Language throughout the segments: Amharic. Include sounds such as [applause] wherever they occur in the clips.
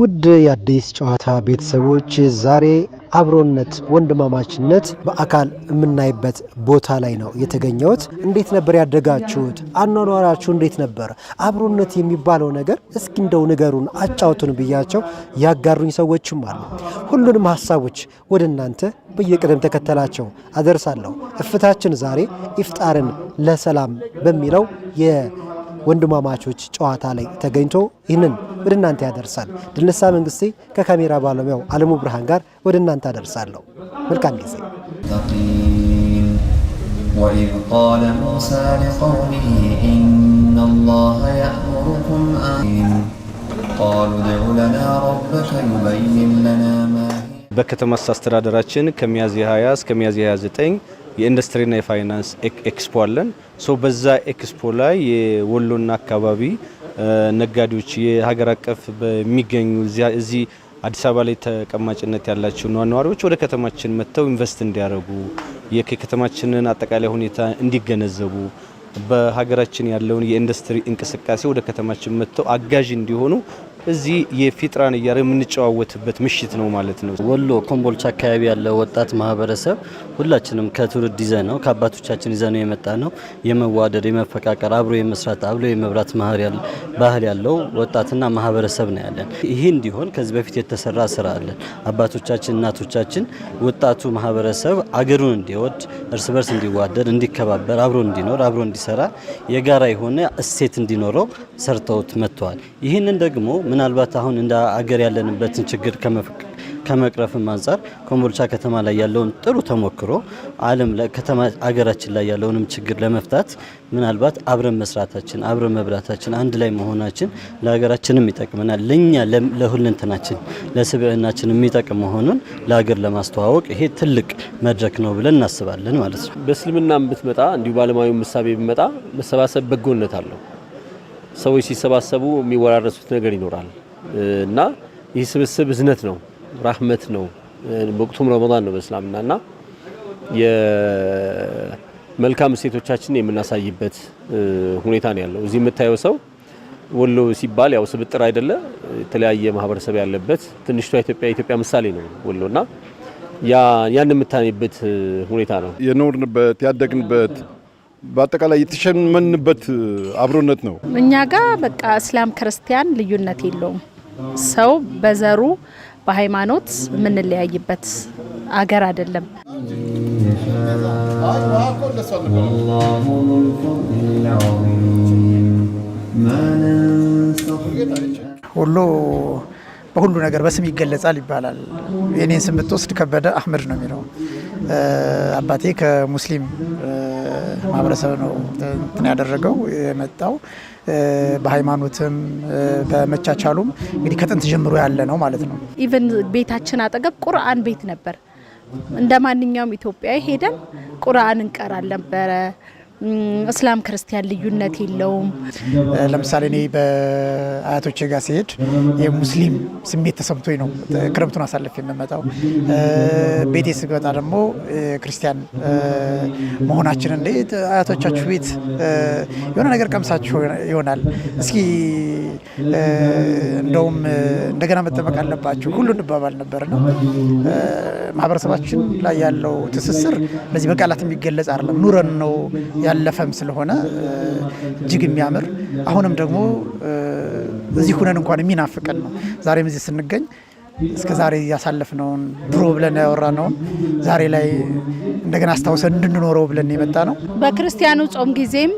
ውድ የአዲስ ጨዋታ ቤተሰቦች ዛሬ አብሮነት ወንድማማችነት በአካል የምናይበት ቦታ ላይ ነው የተገኘሁት። እንዴት ነበር ያደጋችሁት? አኗኗራችሁ እንዴት ነበር? አብሮነት የሚባለው ነገር እስኪ እንደው ንገሩን፣ አጫውቱን ብያቸው ያጋሩኝ ሰዎችም አሉ። ሁሉንም ሀሳቦች ወደ እናንተ በየቅደም ተከተላቸው አደርሳለሁ። እፍታችን ዛሬ ኢፍጣርን ለሰላም በሚለው ወንድማማቾች ጨዋታ ላይ ተገኝቶ ይህንን ወደ እናንተ ያደርሳል። ድልነሳ መንግስቴ ከካሜራ ባለሙያው አለሙ ብርሃን ጋር ወደ እናንተ አደርሳለሁ። መልካም ጊዜ። በከተማ አስተዳደራችን ከሚያዝያ 20 እስከ ሚያዝያ 29 የኢንዱስትሪና የፋይናንስ ኤክስፖ አለን። በዛ ኤክስፖ ላይ የወሎና አካባቢ ነጋዴዎች የሀገር አቀፍ በሚገኙ እዚህ አዲስ አበባ ላይ ተቀማጭነት ያላቸው ነዋሪዎች ወደ ከተማችን መጥተው ኢንቨስት እንዲያደርጉ የከተማችንን አጠቃላይ ሁኔታ እንዲገነዘቡ በሀገራችን ያለውን የኢንዱስትሪ እንቅስቃሴ ወደ ከተማችን መጥተው አጋዥ እንዲሆኑ እዚህ የፊጥራን እያረ የምንጨዋወትበት ምሽት ነው ማለት ነው። ወሎ ኮምቦልቻ አካባቢ ያለው ወጣት ማህበረሰብ ሁላችንም ከትውልድ ይዘ ነው ከአባቶቻችን ይዘን ነው የመጣ ነው። የመዋደድ የመፈቃቀር፣ አብሮ የመስራት አብሎ የመብራት ባህል ያለው ወጣትና ማህበረሰብ ነው ያለን። ይህ እንዲሆን ከዚህ በፊት የተሰራ ስራ አለን። አባቶቻችን እናቶቻችን ወጣቱ ማህበረሰብ አገሩን እንዲወድ እርስ በርስ እንዲዋደድ፣ እንዲከባበር፣ አብሮ እንዲኖር፣ አብሮ እንዲሰራ የጋራ የሆነ እሴት እንዲኖረው ሰርተውት መጥተዋል። ይህንን ደግሞ ምናልባት አሁን እንደ አገር ያለንበትን ችግር ከመቅረፍም አንጻር ኮምቦልቻ ከተማ ላይ ያለውን ጥሩ ተሞክሮ ዓለም ከተማ አገራችን ላይ ያለውንም ችግር ለመፍታት ምናልባት አብረን መስራታችን፣ አብረን መብላታችን፣ አንድ ላይ መሆናችን ለሀገራችንም ይጠቅመናል። ለእኛ ለሁለንተናችን ለስብዕናችን የሚጠቅም መሆኑን ለሀገር ለማስተዋወቅ ይሄ ትልቅ መድረክ ነው ብለን እናስባለን ማለት ነው። በእስልምና ብትመጣ እንዲሁ ባለማዊ ምሳቤ ብመጣ መሰባሰብ በጎነት አለው። ሰዎች ሲሰባሰቡ የሚወራረሱት ነገር ይኖራል እና ይህ ስብስብ እዝነት ነው፣ ራህመት ነው። ወቅቱም ረመዳን ነው በእስላምና እና የመልካም እሴቶቻችን የምናሳይበት ሁኔታ ነው ያለው። እዚህ የምታየው ሰው ወሎ ሲባል ያው ስብጥር አይደለ፣ የተለያየ ማህበረሰብ ያለበት ትንሽቷ ኢትዮጵያ ኢትዮጵያ ምሳሌ ነው ወሎና ያን የምታኔበት ሁኔታ ነው የኖርንበት ያደግንበት በአጠቃላይ የተሸመንበት አብሮነት ነው። እኛ ጋር በቃ እስላም ክርስቲያን ልዩነት የለውም። ሰው በዘሩ በሃይማኖት የምንለያይበት አገር አይደለም። ወሎ በሁሉ ነገር በስም ይገለጻል ይባላል። የኔን ስም ብትወስድ ከበደ አህመድ ነው የሚለው። አባቴ ከሙስሊም ማህበረሰብ ነው እንትን ያደረገው የመጣው በሃይማኖትም በመቻቻሉም እንግዲህ ከጥንት ጀምሮ ያለ ነው ማለት ነው። ኢቨን ቤታችን አጠገብ ቁርአን ቤት ነበር። እንደ ማንኛውም ኢትዮጵያዊ ሄደን ቁርአን እንቀራል ነበረ። እስላም ክርስቲያን ልዩነት የለውም። ለምሳሌ እኔ በአያቶቼ ጋር ሲሄድ የሙስሊም ስሜት ተሰምቶኝ ነው ክረምቱን አሳልፍ የምመጣው። ቤቴ ስገጣ ደግሞ ክርስቲያን መሆናችን እንዴት አያቶቻችሁ ቤት የሆነ ነገር ቀምሳችሁ ይሆናል እስኪ እንደውም እንደገና መጠመቅ አለባችሁ ሁሉ እንባባል ነው ማህበረሰባችን ላይ ያለው ትስስር እነዚህ በቃላት የሚገለጽ አይደለም። ኑረን ነው ያለፈም ስለሆነ እጅግ የሚያምር አሁንም ደግሞ እዚህ ሁነን እንኳን የሚናፍቀን ነው። ዛሬም እዚህ ስንገኝ እስከ ዛሬ እያሳለፍነውን ድሮ ብለን ያወራነውን ዛሬ ላይ እንደገና አስታውሰን እንድንኖረው ብለን የመጣ ነው። በክርስቲያኑ ጾም ጊዜም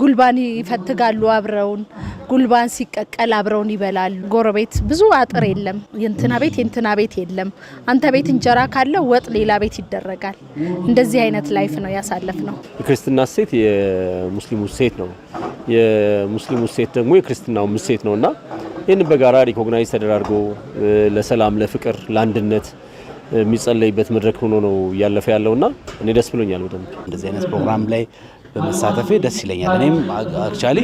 ጉልባን ይፈትጋሉ አብረውን ጉልባን ሲቀቀል አብረውን ይበላሉ። ጎረቤት ብዙ አጥር የለም፣ የእንትና ቤት የእንትና ቤት የለም። አንተ ቤት እንጀራ ካለ ወጥ ሌላ ቤት ይደረጋል። እንደዚህ አይነት ላይፍ ነው ያሳለፍ ነው። የክርስትና ሴት የሙስሊሙ ሴት ነው፣ የሙስሊሙ ሴት ደግሞ የክርስትናው እሴት ነው እና ይህን በጋራ ሪኮግናይዝ ተደራርጎ ለሰላም፣ ለፍቅር፣ ለአንድነት የሚጸለይበት መድረክ ሆኖ ነው እያለፈ ያለውና እኔ ደስ ብሎኛል። በጣም እንደዚህ አይነት ፕሮግራም ላይ በመሳተፌ ደስ ይለኛል። እኔም አክቹዋሊ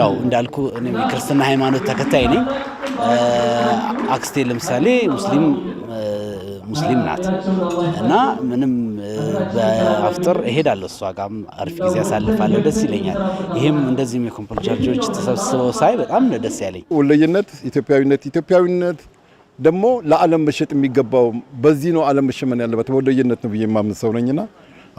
ያው እንዳልኩ የክርስትና ሃይማኖት ተከታይ ነኝ። አክስቴ ለምሳሌ ሙስሊም ሙስሊም ናት እና ምንም በአፍጥር እሄዳለሁ፣ እሷ ጋም አሪፍ ጊዜ አሳልፋለሁ፣ ደስ ይለኛል። ይህም እንደዚህም የኮምፖል ቻርቾች ተሰብስበው ሳይ በጣም ነው ደስ ያለኝ። ወለየነት ኢትዮጵያዊነት፣ ኢትዮጵያዊነት ደግሞ ለዓለም መሸጥ የሚገባው በዚህ ነው። ዓለም መሸመን ያለበት ወለየነት ነው ብዬ የማምን ሰው ነኝና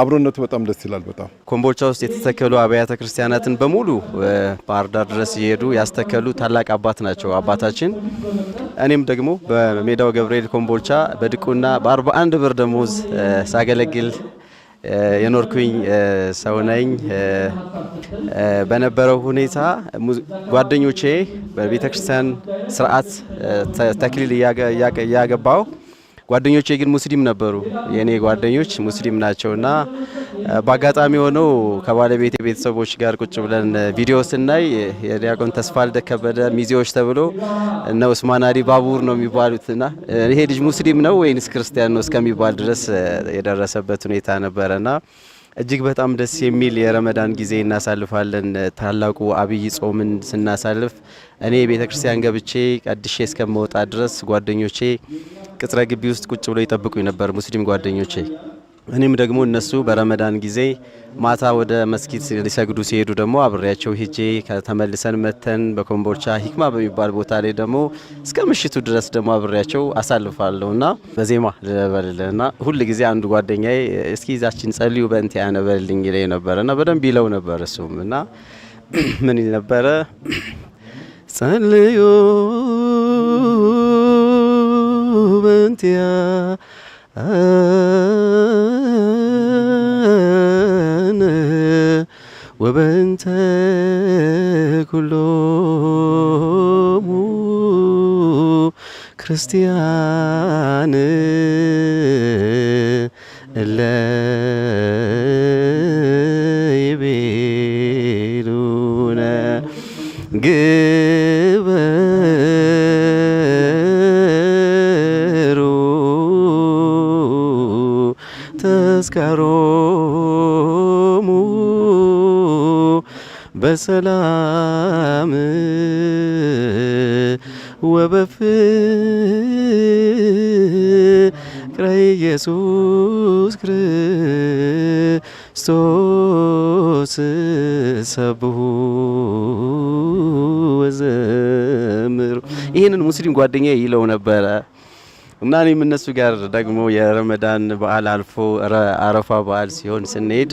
አብሮነቱ በጣም ደስ ይላል። በጣም ኮምቦልቻ ውስጥ የተተከሉ አብያተ ክርስቲያናትን በሙሉ ባህር ዳር ድረስ እየሄዱ ያስተከሉ ታላቅ አባት ናቸው አባታችን። እኔም ደግሞ በሜዳው ገብርኤል ኮምቦልቻ በድቁና በ41 ብር ደሞዝ ሳገለግል የኖርኩኝ ሰው ነኝ። በነበረው ሁኔታ ጓደኞቼ በቤተክርስቲያን ስርዓት ተክሊል እያገባው ጓደኞቼ ግን ሙስሊም ነበሩ። የእኔ ጓደኞች ሙስሊም ናቸውና በአጋጣሚ ሆነው ከባለቤት ቤተሰቦች ጋር ቁጭ ብለን ቪዲዮ ስናይ የዲያቆን ተስፋልደ ከበደ ሚዜዎች ተብሎ እነ ኡስማን አሊ ባቡር ነው የሚባሉትና ይሄ ልጅ ሙስሊም ነው ወይንስ ክርስቲያን ነው እስከሚባል ድረስ የደረሰበት ሁኔታ ነበረና እጅግ በጣም ደስ የሚል የረመዳን ጊዜ እናሳልፋለን። ታላቁ አብይ ጾምን ስናሳልፍ እኔ ቤተክርስቲያን ገብቼ ቀድሼ እስከመውጣ ድረስ ጓደኞቼ ቅጥረ ግቢ ውስጥ ቁጭ ብሎ ይጠብቁኝ ነበር ሙስሊም ጓደኞቼ። እኔም ደግሞ እነሱ በረመዳን ጊዜ ማታ ወደ መስጊድ ሊሰግዱ ሲሄዱ ደግሞ አብሬያቸው ሄጄ ከተመልሰን መተን በኮምቦልቻ ሂክማ በሚባል ቦታ ላይ ደግሞ እስከ ምሽቱ ድረስ ደግሞ አብሬያቸው አሳልፋለሁ ና በዜማ ልበልልህ ና ሁል ጊዜ አንዱ ጓደኛዬ እስኪ ይዛችን ጸልዩ በእንት ያነበልልኝ ይለኝ ነበረ ና በደንብ ይለው ነበር እሱም እና [clears throat] ምን ነበረ [clears throat] ጸልዩ bântia አነ ኩሎሙ ክርስቲያን እለ ይቤሉነ መስከረሙ በሰላም ወበፍቅረ ኢየሱስ ክርስቶስ ሰብሁ ወዘምሩ። ይህንን ሙስሊም ጓደኛ ይለው ነበረ። እና እኔም እነሱ ጋር ደግሞ የረመዳን በዓል አልፎ አረፋ በዓል ሲሆን ስንሄድ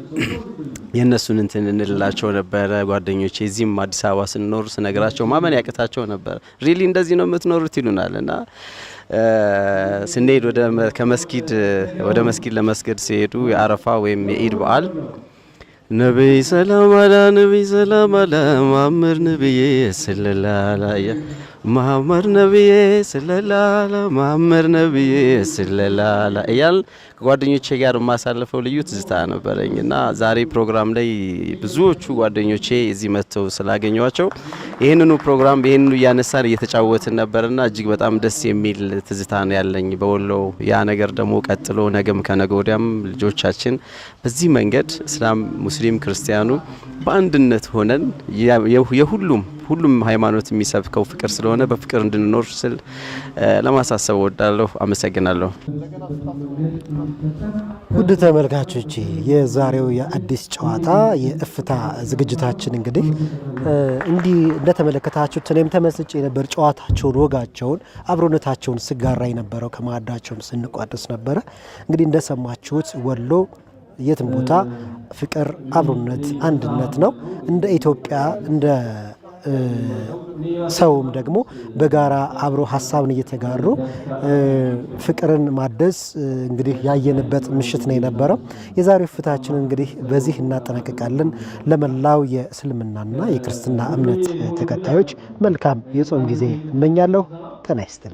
የእነሱን እንትን እንልላቸው ነበረ። ጓደኞቼ እዚህም አዲስ አበባ ስንኖር ስነግራቸው ማመን ያቅታቸው ነበረ። ሪሊ እንደዚህ ነው የምትኖሩት ይሉናል። እና ስንሄድ ከመስጊድ ወደ መስጊድ ለመስገድ ሲሄዱ የአረፋ ወይም የኢድ በዓል ነቢይ ሰላም አላ ነቢይ ሰላም አላ መሐመድ ነቢዬ ስለላላያ መሐመድ ነቢዬ ስለላላ መሐመድ ነቢዬ ስለላላ እያል ከጓደኞቼ ጋር የማሳለፈው ልዩ ትዝታ ነበረኝ እና ዛሬ ፕሮግራም ላይ ብዙዎቹ ጓደኞቼ እዚህ መጥተው ስላገኟቸው ይህንኑ ፕሮግራም ይህንኑ እያነሳን እየተጫወትን ነበርና እጅግ በጣም ደስ የሚል ትዝታ ነው ያለኝ በወሎ። ያ ነገር ደግሞ ቀጥሎ ነገም ከነገ ወዲያም ልጆቻችን በዚህ መንገድ እስላም፣ ሙስሊም፣ ክርስቲያኑ በአንድነት ሆነን የሁሉም ሁሉም ሃይማኖት የሚሰብከው ፍቅር ስለሆነ በፍቅር እንድንኖር ስል ለማሳሰብ እወዳለሁ። አመሰግናለሁ። ውድ ተመልካቾች የዛሬው የአዲስ ጨዋታ የእፍታ ዝግጅታችን እንግዲህ እንዲህ እንደተመለከታችሁት እኔም ተመስጬ ነበር። ጨዋታቸውን፣ ወጋቸውን፣ አብሮነታቸውን ስጋራ የነበረው ከማዕዳቸውም ስንቋደስ ነበረ። እንግዲህ እንደሰማችሁት ወሎ የትም ቦታ ፍቅር፣ አብሮነት፣ አንድነት ነው። እንደ ኢትዮጵያ እንደ ሰውም ደግሞ በጋራ አብሮ ሀሳብን እየተጋሩ ፍቅርን ማደስ እንግዲህ ያየንበት ምሽት ነው የነበረው። የዛሬው ፍታችን እንግዲህ በዚህ እናጠናቀቃለን። ለመላው የእስልምናና የክርስትና እምነት ተከታዮች መልካም የጾም ጊዜ እመኛለሁ። ጤና